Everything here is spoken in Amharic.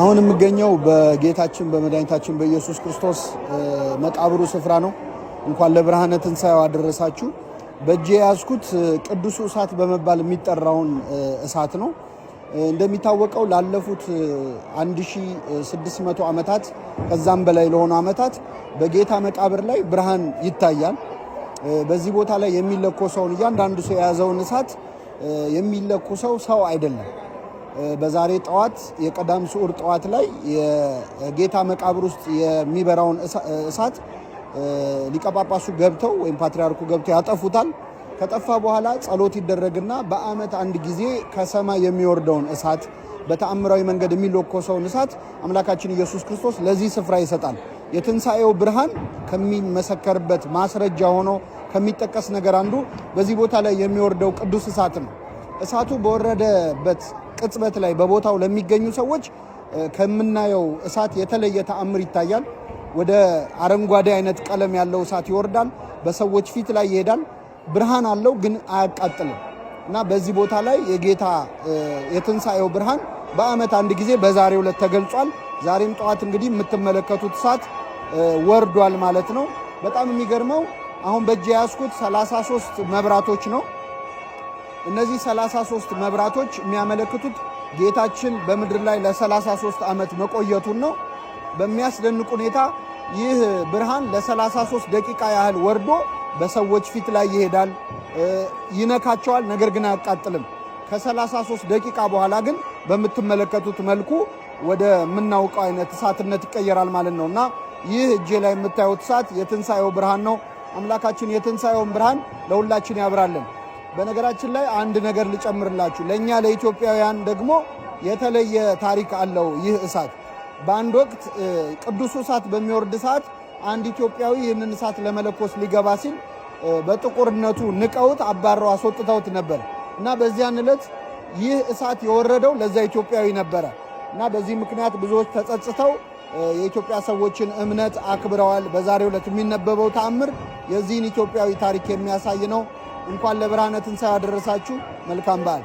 አሁን የምገኘው በጌታችን በመድኃኒታችን በኢየሱስ ክርስቶስ መቃብሩ ስፍራ ነው። እንኳን ለብርሃነ ትንሣኤው አደረሳችሁ። በእጄ የያዝኩት ቅዱሱ እሳት በመባል የሚጠራውን እሳት ነው። እንደሚታወቀው ላለፉት 1600 ዓመታት ከዛም በላይ ለሆኑ ዓመታት በጌታ መቃብር ላይ ብርሃን ይታያል። በዚህ ቦታ ላይ የሚለኮሰውን እያንዳንዱ ሰው የያዘውን እሳት የሚለኩሰው ሰው አይደለም በዛሬ ጠዋት የቀዳም ስዑር ጠዋት ላይ የጌታ መቃብር ውስጥ የሚበራውን እሳት ሊቀጳጳሱ ገብተው ወይም ፓትሪያርኩ ገብተው ያጠፉታል። ከጠፋ በኋላ ጸሎት ይደረግና በዓመት አንድ ጊዜ ከሰማይ የሚወርደውን እሳት በተአምራዊ መንገድ የሚለኮሰውን እሳት አምላካችን ኢየሱስ ክርስቶስ ለዚህ ስፍራ ይሰጣል። የትንሣኤው ብርሃን ከሚመሰከርበት ማስረጃ ሆኖ ከሚጠቀስ ነገር አንዱ በዚህ ቦታ ላይ የሚወርደው ቅዱስ እሳት ነው። እሳቱ በወረደበት ቅጽበት ላይ በቦታው ለሚገኙ ሰዎች ከምናየው እሳት የተለየ ተአምር ይታያል። ወደ አረንጓዴ አይነት ቀለም ያለው እሳት ይወርዳል፣ በሰዎች ፊት ላይ ይሄዳል። ብርሃን አለው ግን አያቃጥልም እና በዚህ ቦታ ላይ የጌታ የትንሣኤው ብርሃን በዓመት አንድ ጊዜ በዛሬው ዕለት ተገልጿል። ዛሬም ጠዋት እንግዲህ የምትመለከቱት እሳት ወርዷል ማለት ነው። በጣም የሚገርመው አሁን በእጅ የያዝኩት 33 መብራቶች ነው። እነዚህ 33 መብራቶች የሚያመለክቱት ጌታችን በምድር ላይ ለ33 ዓመት መቆየቱን ነው። በሚያስደንቅ ሁኔታ ይህ ብርሃን ለ33 ደቂቃ ያህል ወርዶ በሰዎች ፊት ላይ ይሄዳል፣ ይነካቸዋል፣ ነገር ግን አያቃጥልም። ከ33 ደቂቃ በኋላ ግን በምትመለከቱት መልኩ ወደ ምናውቀው አይነት እሳትነት ይቀየራል ማለት ነው እና ይህ እጄ ላይ የምታዩት እሳት የትንሣኤው ብርሃን ነው። አምላካችን የትንሣኤውን ብርሃን ለሁላችን ያብራለን። በነገራችን ላይ አንድ ነገር ልጨምርላችሁ። ለእኛ ለኢትዮጵያውያን ደግሞ የተለየ ታሪክ አለው ይህ እሳት። በአንድ ወቅት ቅዱሱ እሳት በሚወርድ ሰዓት አንድ ኢትዮጵያዊ ይህንን እሳት ለመለኮስ ሊገባ ሲል በጥቁርነቱ ንቀውት አባረው አስወጥተውት ነበር እና በዚያን ዕለት ይህ እሳት የወረደው ለዛ ኢትዮጵያዊ ነበረ እና በዚህ ምክንያት ብዙዎች ተጸጽተው የኢትዮጵያ ሰዎችን እምነት አክብረዋል። በዛሬው ዕለት የሚነበበው ተአምር የዚህን ኢትዮጵያዊ ታሪክ የሚያሳይ ነው። እንኳን ለብርሃነ ትንሣኤ መልካም በዓል